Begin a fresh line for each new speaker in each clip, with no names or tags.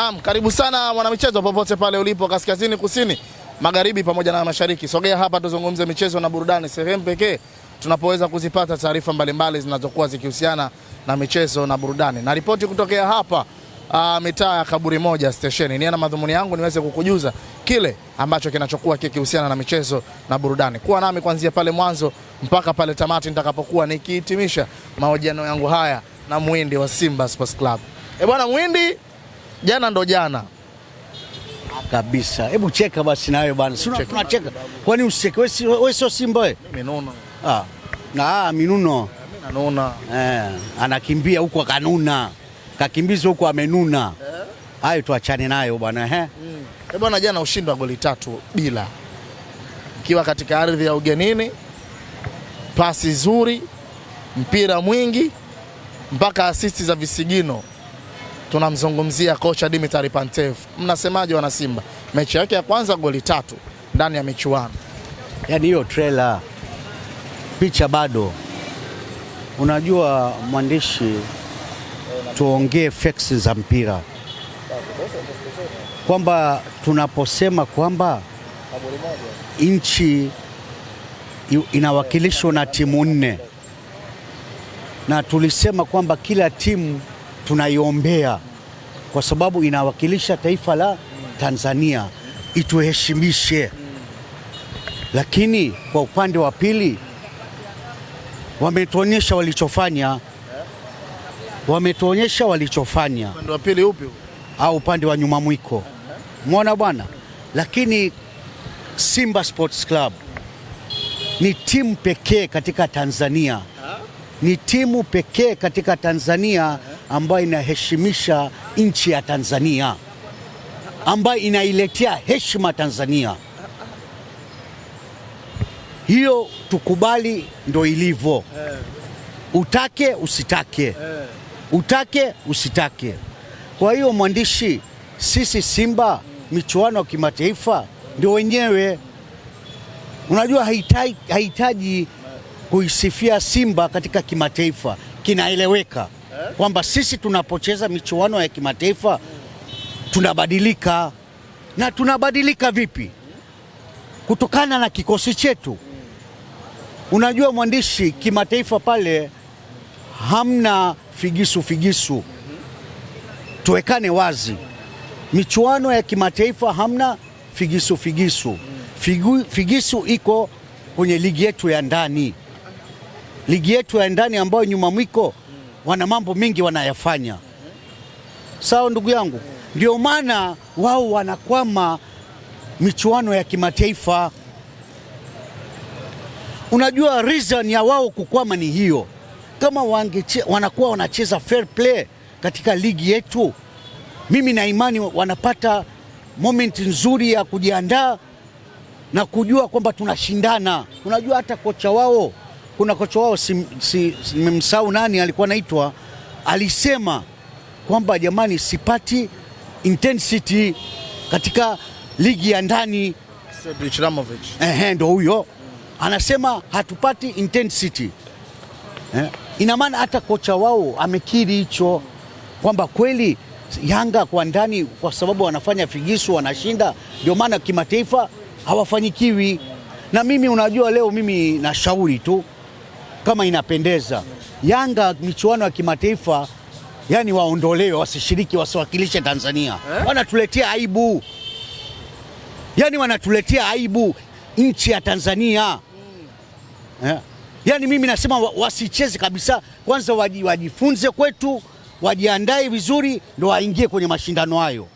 Naam, karibu sana mwanamichezo popote pale ulipo kaskazini, kusini, magharibi pamoja na mashariki. Sogea hapa tuzungumze michezo na burudani, sehemu pekee tunapoweza kuzipata taarifa mbalimbali zinazokuwa zikihusiana na michezo na burudani. Na ripoti kutokea hapa uh, mitaa ya kaburi moja stesheni. ni na madhumuni yangu niweze kukujuza kile ambacho kinachokuwa kikihusiana na michezo na burudani. Kuwa nami kuanzia pale mwanzo mpaka pale tamati nitakapokuwa nikihitimisha mahojiano yangu haya na mwindi wa Simba Sports Club. E bwana mwindi, jana ndo jana
kabisa. Hebu cheka basi nawe bana, si tunacheka. Kwani usicheke wewe, sio Simba wewe? Mimi naona ah na minuno ah, mimi naona eh, anakimbia huko akanuna, kakimbiza huko amenuna. Eh? Hayo tuachane nayo bwana eh mm.
Eh, bwana jana ushindi wa goli tatu bila, ikiwa katika ardhi ya ugenini, pasi zuri, mpira mwingi mpaka asisti za visigino tunamzungumzia kocha Dimitar Pantev. Mnasemaje wana Simba? Mechi yake ya kwanza goli tatu ndani ya michuano.
Yaani hiyo trailer, picha bado. Unajua mwandishi, tuongee facts za mpira kwamba tunaposema kwamba nchi inawakilishwa na timu nne na tulisema kwamba kila timu tunaiombea kwa sababu inawakilisha taifa la Tanzania, ituheshimishe. Lakini kwa upande wa pili wametuonyesha walichofanya, wametuonyesha walichofanya.
Upande wa pili upi?
Au upande wa nyuma mwiko, mwona bwana. Lakini Simba Sports Club ni timu pekee katika Tanzania, ni timu pekee katika Tanzania ambayo inaheshimisha nchi ya Tanzania, ambayo inailetea heshima Tanzania. Hiyo tukubali, ndo ilivyo. Utake usitake, utake usitake. Kwa hiyo mwandishi, sisi Simba michuano ya kimataifa ndio wenyewe. Unajua hahitaji kuisifia Simba katika kimataifa, kinaeleweka kwamba sisi tunapocheza michuano ya kimataifa tunabadilika. Na tunabadilika vipi? Kutokana na kikosi chetu. Unajua mwandishi, kimataifa pale hamna figisu figisu, tuwekane wazi. Michuano ya kimataifa hamna figisu figisu. Figu, figisu iko kwenye ligi yetu ya ndani, ligi yetu ya ndani ambayo nyuma mwiko wana mambo mengi wanayafanya. Sawa ndugu yangu, ndio maana wao wanakwama michuano ya kimataifa. Unajua reason ya wao kukwama ni hiyo. Kama wangeche, wanakuwa wanacheza fair play katika ligi yetu, mimi na imani wanapata moment nzuri ya kujiandaa na kujua kwamba tunashindana. Unajua hata kocha wao kuna kocha wao simemsahau si, nani alikuwa anaitwa, alisema kwamba jamani, sipati intensity katika ligi ya ndani. Ehe, ndo huyo anasema hatupati intensity eh. Ina maana hata kocha wao amekiri hicho kwamba kweli Yanga kwa ndani, kwa sababu wanafanya figisu wanashinda, ndio maana kimataifa hawafanyikiwi. Na mimi unajua, leo mimi nashauri tu kama inapendeza. Yanga michuano ya kimataifa yani waondolewe, wasishiriki, wasiwakilishe Tanzania eh? Wanatuletea aibu, yani wanatuletea aibu nchi ya Tanzania mm. eh? Yani mimi nasema wasicheze kabisa, kwanza wajifunze kwetu, wajiandae vizuri, ndo waingie kwenye mashindano hayo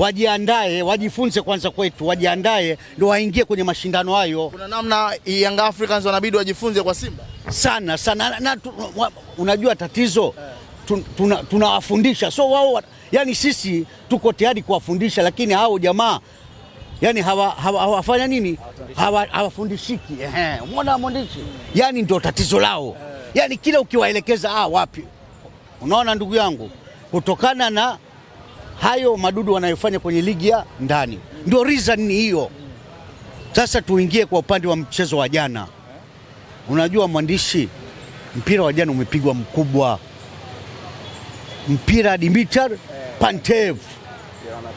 wajiandae, wajifunze kwanza kwetu, wajiandae ndio waingie kwenye mashindano hayo.
Kuna namna Young Africans wanabidi wajifunze kwa Simba
sana sana na, tu, wa, unajua tatizo tunawafundisha tuna so wao, yani sisi tuko tayari kuwafundisha, lakini hao jamaa yani hawafanya hawa, hawa nini hawafundishiki hawa umeona mwandishi yani ndio tatizo lao yani kila ukiwaelekeza ah, wapi. Unaona ndugu yangu, kutokana na hayo madudu wanayofanya kwenye ligi ya ndani, ndio reason ni hiyo. Sasa tuingie kwa upande wa mchezo wa jana. Unajua mwandishi, mpira wa jana umepigwa mkubwa, mpira Dimitar Pantev.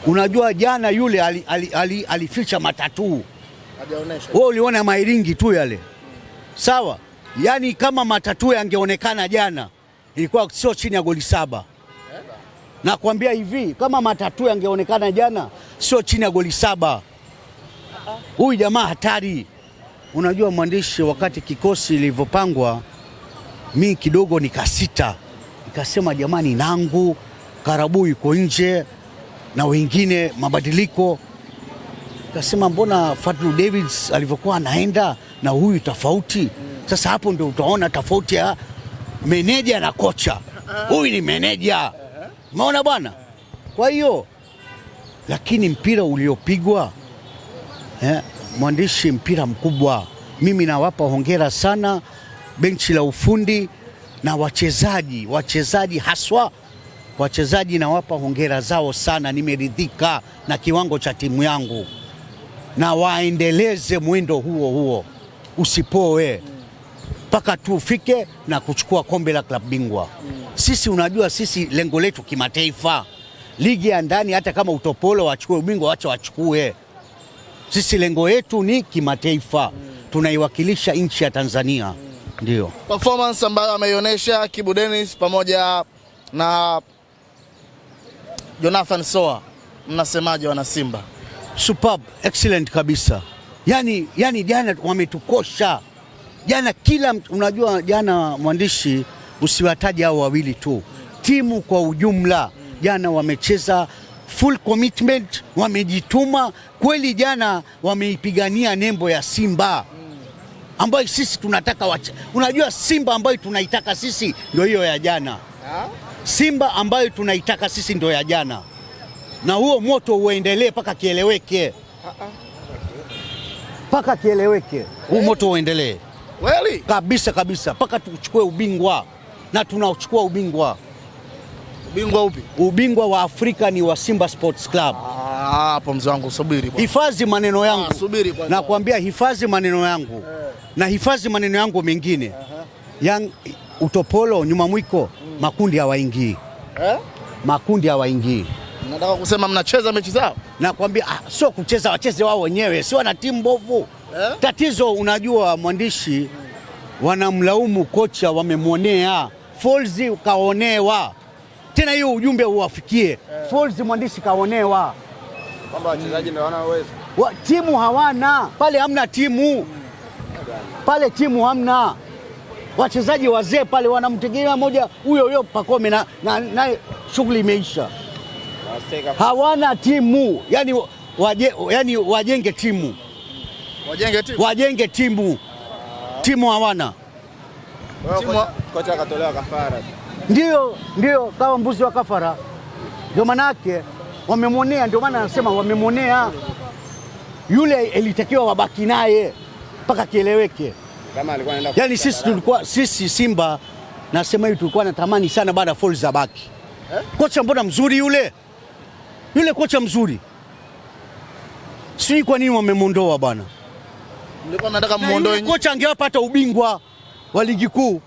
Unajua jana yule alificha ali, ali, ali matatuu. Wewe uliona mairingi tu yale, sawa? Yaani kama matatuu yangeonekana jana, ilikuwa sio chini ya goli saba. Nakwambia hivi, kama matatu yangeonekana jana, sio chini ya goli saba. Huyu jamaa hatari. Unajua mwandishi, wakati kikosi ilivyopangwa, mi kidogo nikasita, nikasema jamani, nangu karabu yuko nje na wengine mabadiliko, nikasema mbona Fadlu Davids alivyokuwa anaenda na huyu tofauti. Sasa hapo ndio utaona tofauti ya meneja na kocha. Huyu ni meneja. Umeona bwana. Kwa hiyo lakini mpira uliopigwa eh, mwandishi, mpira mkubwa. Mimi nawapa hongera sana benchi la ufundi na wachezaji, wachezaji haswa wachezaji nawapa hongera zao sana. Nimeridhika na kiwango cha timu yangu, na waendeleze mwendo huo huo, usipoe mpaka ufike na kuchukua kombe la klabu bingwa. Sisi unajua, sisi lengo letu kimataifa, ligi ya ndani, hata kama utopolo wachukue ubingwa, wacha wachukue. Sisi lengo yetu ni kimataifa, tunaiwakilisha nchi ya Tanzania. Ndio
performance ambayo ameionyesha Kibu Dennis pamoja na Jonathan Soa, mnasemaje wana Simba?
Superb, excellent kabisa. Yani, yani jana wametukosha jana kila unajua, jana mwandishi, usiwataje hao wawili tu, timu kwa ujumla jana wamecheza full commitment, wamejituma kweli. Jana wameipigania nembo ya Simba ambayo sisi tunataka wacha. Unajua Simba ambayo tunaitaka sisi ndio hiyo ya jana, Simba ambayo tunaitaka sisi ndio ya jana, na huo moto uendelee mpaka kieleweke, mpaka kieleweke, huu moto uendelee. Kweli? Kabisa kabisa mpaka tuchukue ubingwa na tunachukua ubingwa. Ubingwa upi? Ubingwa wa Afrika ni wa Simba Sports Club.
Ah, hapo mzee wangu subiri bwana.
Hifadhi maneno ah, yangu. Ah,
subiri bwana.
Nakwambia hifadhi maneno yangu eh, na hifadhi maneno yangu mengine yang utopolo nyuma mwiko hmm. makundi hawaingii eh? Makundi hawaingii.
Nataka kusema mnacheza mechi zao?
Nakwambia ah, sio kucheza, wacheze wao wenyewe, si wana timu mbovu eh? Tatizo unajua, mwandishi wanamlaumu kocha, wamemwonea Folzi, kaonewa tena, hiyo ujumbe uwafikie eh. Folzi mwandishi kaonewa
kwamba wachezaji ndio hawana uwezo
wa timu, hawana pale, hamna timu pale, timu hamna wachezaji wazee pale wanamtegemea moja huyo huyo Pakome na, na, na shughuli imeisha. Hawana timu yani, waje, yani wajenge timu wajenge timu, wajenge timu. Timu hawana
kocha akatolewa kafara,
ndio ndio kawa mbuzi wa kafara, ndio manake wamemwonea, ndio maana anasema wamemwonea. Yule ilitakiwa wabaki naye mpaka kieleweke. Yaani sisi tulikuwa sisi Simba, nasema hivi, tulikuwa natamani sana baada ya Folz abaki eh? Kocha mbona mzuri yule yule, kocha mzuri, sijui kwa nini wamemwondoa bwana.
Mlikuwa mnataka muondoe
kocha angewapata ubingwa wa ligi kuu.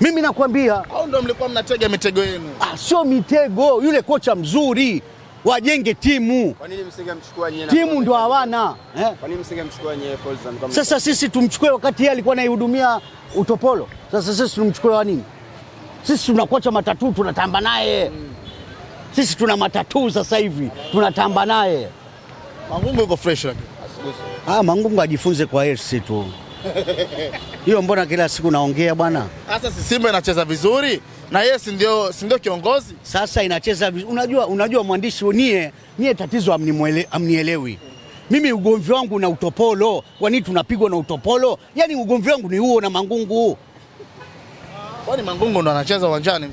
Mimi nakwambia
au ndio mlikuwa mnatega mitego yenu?
Ah, sio mitego, yule kocha mzuri wajenge timu.
Kwa nini msingemchukua nyie?
Timu ndio hawana
eh? Kwa nini msingemchukua nyie Folzan
kama sasa sisi tumchukue wakati yeye alikuwa anaihudumia utopolo? Sasa sisi tumchukue wa nini? Sisi tuna kocha matatu tunatamba naye mm. Sisi tuna matatu sasa hivi tunatamba naye.
Mangungu yuko fresh lakini
Ah, Mangungu ajifunze kwa Hersi tu hiyo mbona kila siku naongea bwana?
Sasa si Simba inacheza vizuri na yeye si ndio, si ndio kiongozi
sasa, inacheza vizuri. Unajua, unajua mwandishi nie, nie tatizo amnielewi mimi. Ugomvi wangu na utopolo, kwani tunapigwa na utopolo? Yaani ugomvi wangu ni huo na Mangungu.
Kwani Mangungu ndo anacheza uwanjani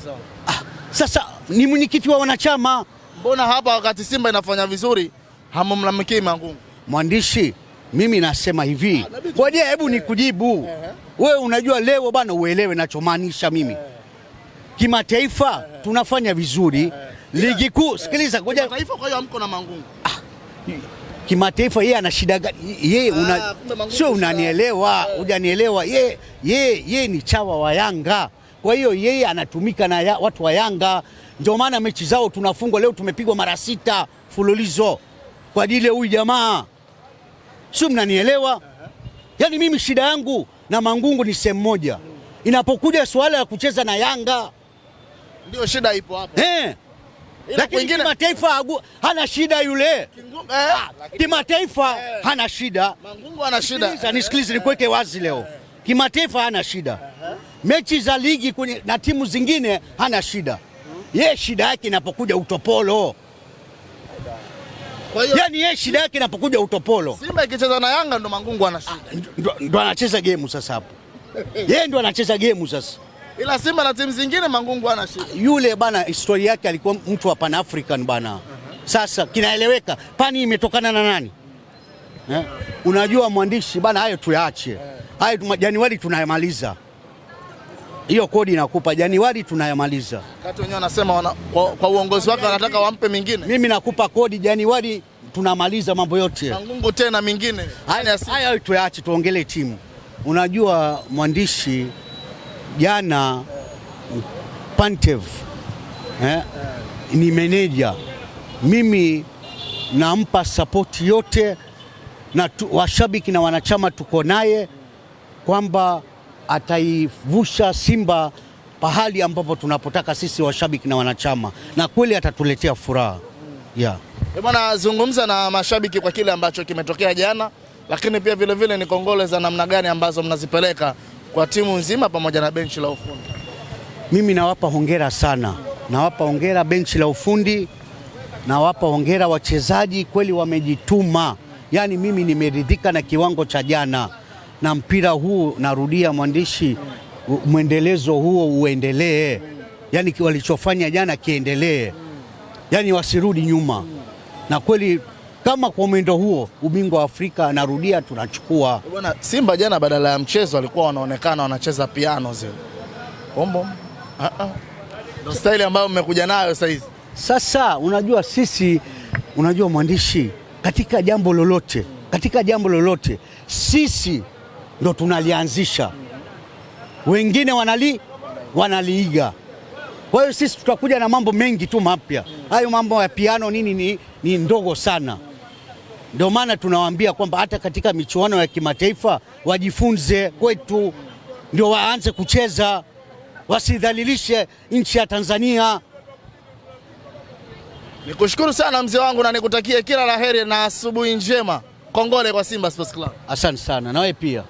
Ah,
sasa ni mwenyekiti wa wanachama.
Mbona hapa wakati Simba inafanya vizuri hamumlamikii Mangungu?
mwandishi, mimi nasema hivi, ah, ngoja hebu eh. nikujibu eh. wewe. Unajua leo bana, uelewe nachomaanisha mimi. Eh. Kimataifa tunafanya vizuri, ligi kuu. Sikiliza, ngoja
taifa. Kwa hiyo amko na mangungu ah.
kimataifa yeye ana shida gani? Yeye ah, una, sio unanielewa, hujanielewa. Yeye yeye yeye ni chawa wa Yanga, kwa hiyo yeye anatumika na ya, watu wa Yanga. Ndio maana mechi zao tunafungwa leo, tumepigwa mara sita fululizo kwa ajili ya huyu jamaa sio? Mnanielewa? Yaani mimi shida yangu na Mangungu ni sehemu moja, inapokuja suala ya kucheza na Yanga
ndio shida ipo hapo
eh. Lakini kimataifa hana shida yule eh, ah, kimataifa eh, hana shida.
Mangungu ana shida.
Nisikilize nikuweke wazi leo, eh. kimataifa hana shida eh, mechi za ligi kwenye na timu zingine hana shida. Ye shida yake inapokuja utopolo Yaani yeye shida yake inapokuja utopolo.
Simba ikicheza na Yanga ndo Mangungu anashinda.
Ah, ndo anacheza game sasa hapo. Yeye ndo anacheza game sasa.
Ila Simba na timu zingine Mangungu anashinda.
Ah, yule bana historia yake alikuwa mtu wa Pan African bana. Sasa kinaeleweka pani imetokana na nani? Eh? Unajua mwandishi bana, hayo tuyaache. Eh. Hayo Januari tunayamaliza hiyo kodi inakupa Januari tunayamaliza.
Kati wenyewe wanasema wana, kwa, kwa uongozi wake wanataka wampe mingine.
Mimi nakupa kodi Januari tunamaliza mambo yote.
Mangungu tena mingine.
Haya yaani tuache tuongelee timu. Unajua mwandishi jana Pantev eh, ni meneja. Mimi nampa sapoti yote na tu, washabiki na wanachama tuko naye kwamba ataivusha Simba pahali ambapo tunapotaka sisi washabiki na wanachama, na kweli atatuletea furaha
yeah. Eh, bwana, zungumza na mashabiki kwa kile ambacho kimetokea jana, lakini pia vilevile ni kongole za namna gani ambazo mnazipeleka kwa timu nzima pamoja na benchi la ufundi.
Mimi nawapa hongera sana, nawapa hongera benchi la ufundi, nawapa hongera wachezaji, kweli wamejituma. Yaani mimi nimeridhika na kiwango cha jana na mpira huu, narudia mwandishi, mwendelezo huo uendelee, yani walichofanya jana kiendelee, yani wasirudi nyuma. Na kweli kama kwa mwendo huo ubingwa wa Afrika, narudia, tunachukua
bwana. Simba jana badala ya mchezo walikuwa wanaonekana wanacheza piano zile pombo, ah, ah. ndio staili ambayo mmekuja nayo sasa hizi.
Sasa unajua sisi, unajua mwandishi, katika jambo lolote, katika jambo lolote sisi ndo tunalianzisha, wengine wanali wanaliiga. Kwa hiyo sisi tutakuja na mambo mengi tu mapya. Hayo mambo ya piano nini ni, ni ndogo sana, ndio maana tunawaambia kwamba hata katika michuano ya kimataifa wajifunze kwetu, ndio waanze kucheza, wasidhalilishe nchi ya Tanzania.
Nikushukuru sana mzee wangu na nikutakie kila la heri na asubuhi njema. Kongole kwa Simba Sports Club.
Asante sana na wewe pia.